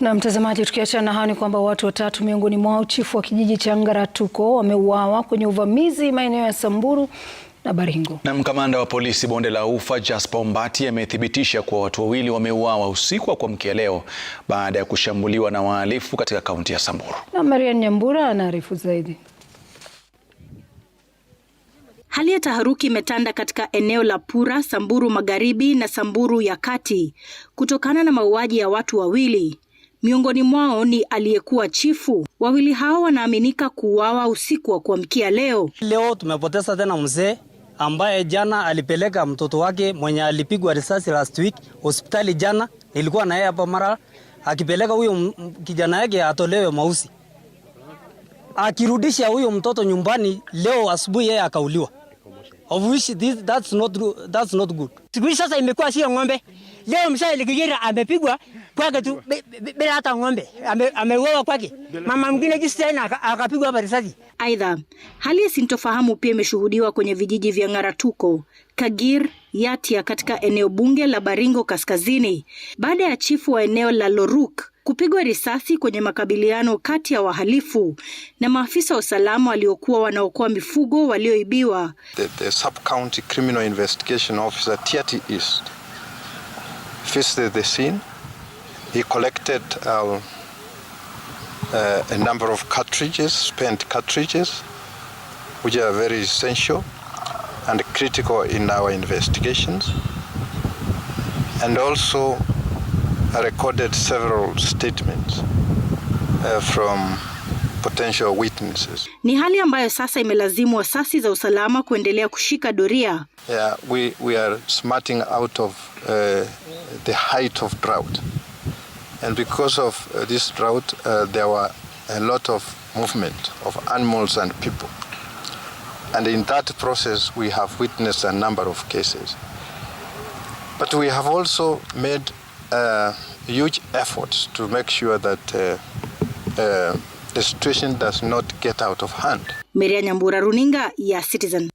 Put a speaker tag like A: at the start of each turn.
A: Na mtazamaji, tukiachana na hayo ni kwamba watu watatu miongoni mwao chifu wa kijiji cha Ngaratuko wameuawa kwenye uvamizi maeneo ya Samburu na Baringo.
B: Na mkamanda wa polisi bonde la Ufa Jasper Ombati amethibitisha kuwa watu wawili wameuawa usiku wa kuamkia leo baada ya kushambuliwa na wahalifu katika kaunti ya Samburu.
A: Na Marian Nyambura anaarifu zaidi.
C: Hali ya taharuki imetanda katika eneo la Pura, Samburu Magharibi na Samburu ya Kati kutokana na mauaji ya watu wawili Miongoni mwao ni aliyekuwa chifu. Wawili hao wanaaminika kuuawa usiku wa kuamkia leo.
D: Leo tumepoteza tena mzee ambaye jana alipeleka mtoto wake mwenye alipigwa risasi last week hospitali. Jana nilikuwa na yeye hapa Mara, akipeleka huyo kijana yake atolewe mausi, akirudisha huyo mtoto nyumbani. Leo asubuhi yeye akauliwa. Of which this, that's not, that's not good.
E: Siku hii sasa imekuwa sio ng'ombe. Leo mshaa amepigwa kwake tu bila hata ng'ombe ameuawa kwake, mama mwingine jinsi tena akapigwa hapa risasi.
C: Aidha, hali ya sintofahamu pia imeshuhudiwa kwenye vijiji vya Ng'aratuko, Kagir, Yatia katika eneo bunge la Baringo Kaskazini baada ya chifu wa eneo la Loruk kupigwa risasi kwenye makabiliano kati ya wahalifu na maafisa wa usalama waliokuwa wanaokoa mifugo walioibiwa.
F: The, the sub-county criminal investigation officer Tiaty East faced the scene He collected um, uh, a number of cartridges, spent cartridges, which are very essential and critical in our investigations. And also recorded several statements uh, from potential witnesses.
C: Ni hali ambayo sasa imelazimu asasi za usalama kuendelea kushika doria.
F: Yeah, we, we are smarting out of uh, the height of drought and because of uh, this drought uh, there were a lot of movement of animals and people and in that process we have witnessed a number of cases but we have also made uh, huge efforts to make sure that uh, uh, the situation does not get out of hand
C: Maria Nyambura runinga ya Citizen